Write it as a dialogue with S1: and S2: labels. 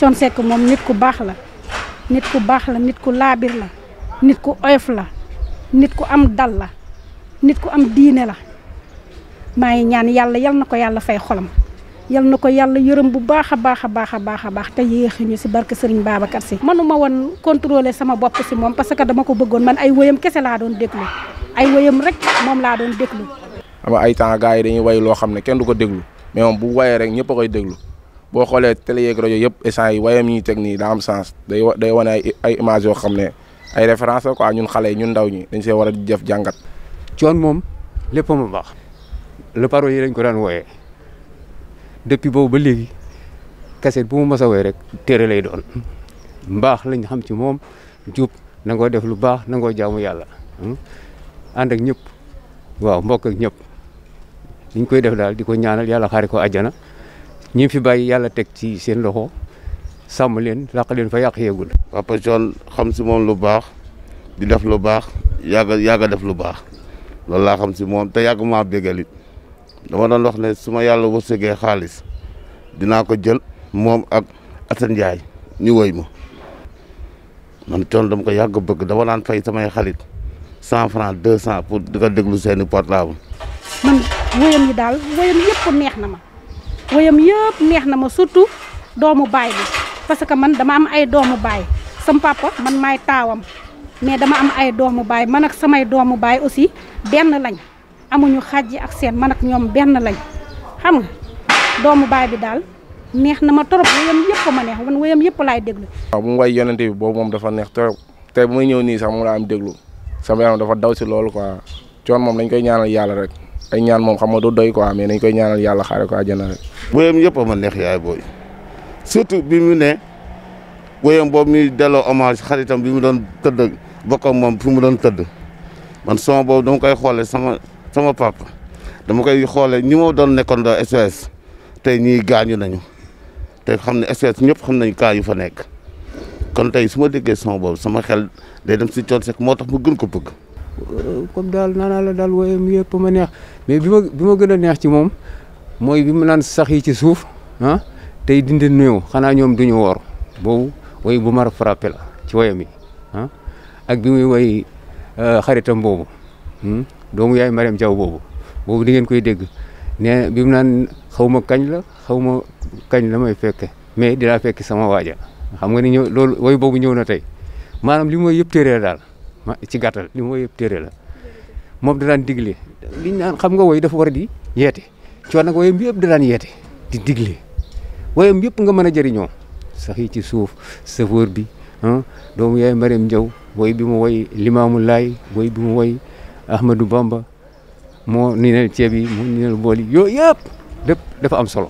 S1: Thione Seck moom nit ku baax la nit ku baax la nit ku laabir la nit ku oyof la nit ku am dal la nit ku am diine la maa ngi ñaan yàlla yal na ko yàlla fay xolam yal na ko yàlla yërëm bu baax a baax a baax a baax a baax yi yéexiñu si barke Serigne Babacar si manuma woon contrôler sama bopp si moom parce que dama ko bëggoon man ay woyam kese laa doon déglu ay woyam rek moom laa doon déglu
S2: ama ay temps gars yi dañuy way loo xam ne kenn du ko déglu mais moom bu wayee rek ñëpp koy déglu boo xoolee télé yeeg rajo yëpp essence yi wayam ñuy teg nii daa am sens day day wane ay ay images yoo xam ne ay référence la quoi ñun xale yi ñun ndaw ñi dañ see war a jëf jàngat. coon moom lépp mu baax. le parole yi dañ ko daan wooyee depuis boobu ba léegi kaset bu mu
S3: mos a wooyee rek téere lay doon mbaax lañ xam ci moom jub nangoo def lu baax nangoo jaamu yàlla hmm? ànd ak ñëpp waaw mbokk ak ñëpp liñ koy def daal di ko ñaanal yàlla xaari ko àjjana. ñi fi bàyyi yàlla teg ci seen loxo sàmm leen làq leen fa yàq yeegul. Papa Thione xam si moom lu baax
S4: di def lu baax yàgg yàgg def lu baax loolu laa xam si moom te yàgg maa bégal it dama doon wax ne su ma yàlla wërsëgee xaalis dinaa ko jël moom ak Assane Ndiaye ñu woy ma man Thione dam ko yàgg bëgg dama naan fay samay xalit cent franc deux cent pour di ko déglu seeni portable.
S1: man wóyam yi daal wóyam yëpp neex na ma. woyam yëpp neex na ma surtout doomu baay bi parce que man dama am ay doomu baay sam papa man maay taawam mais dama am ay doomu baay man ak samay doomu baay aussi benn lañ amuñu xàjji ak seen man ak ñoom benn lañ xam nga doomu baay bi daal neex na ma trop woyam yëpp ma neex man woyam yëpp laay déglu.
S2: waaw bu mu way yonente bi boobu moom dafa neex trop tey bu may ñëw nii sax moom laa am déglu sama yaram dafa daw si loolu quoi coon moom lañ koy ñaanal yàlla rek. ay ñaan moom xam nga du doy quoi mais nañ koy ñaanal yàlla xaare ko àjjana rek.
S4: am yëpp a ma neex yaay booy surtout bi mu ne woyam boobu muy delloo omage xaritam bi mu doon tëdd bokkam moom fi mu doon tëdd man sama boobu dama koy xoolee sama sama papa dama koy xoolee ñi ma doon nekkoon doo SOS tey ñii gaañu nañu tey xam ne SOS ñëpp xam nañu kaa yu fa nekk kon tey su ma déggee sama boobu sama xel day dem si coon sek
S3: moo tax mu gën ko bëgg. comme daal naanaa la daal woyam yëpp ma neex mais bi ma bi ma gën a neex ci moom mooy bi ma naan sax yi ci suuf ah tey dindi néew xanaa ñoom duñu woor boobu woy bu mar frappé la ci woyam mi ah, ak bi muy woy euh, xaritam boobu hmm, doomu yaay Mariam Diaw boobu boobu di ngeen koy dégg ne bi naan xaw ma kañ la xaw ma kañ la may fekke mais dinaa fekki sama waaja xam nga ni ñëw loolu boobu ñëw na tey maanaam li mooy yëpp téere daal ma ci gàttal li mooy yëpp téere la moom da digle liñ naan xam nga woy dafa war a di yeete coon nag woyam yëpp da daan yeete di digle woyam yëpp nga mën a jëriñoo sax yi ci suuf safóor bi ah, doomu yaay Mariam Njaw woy bi mu woy Limaamu Laay woy bi mu woy Ahmadou Bamba moo ni nel ceeb yi moo ni nel bool yi yëpp dafa am solo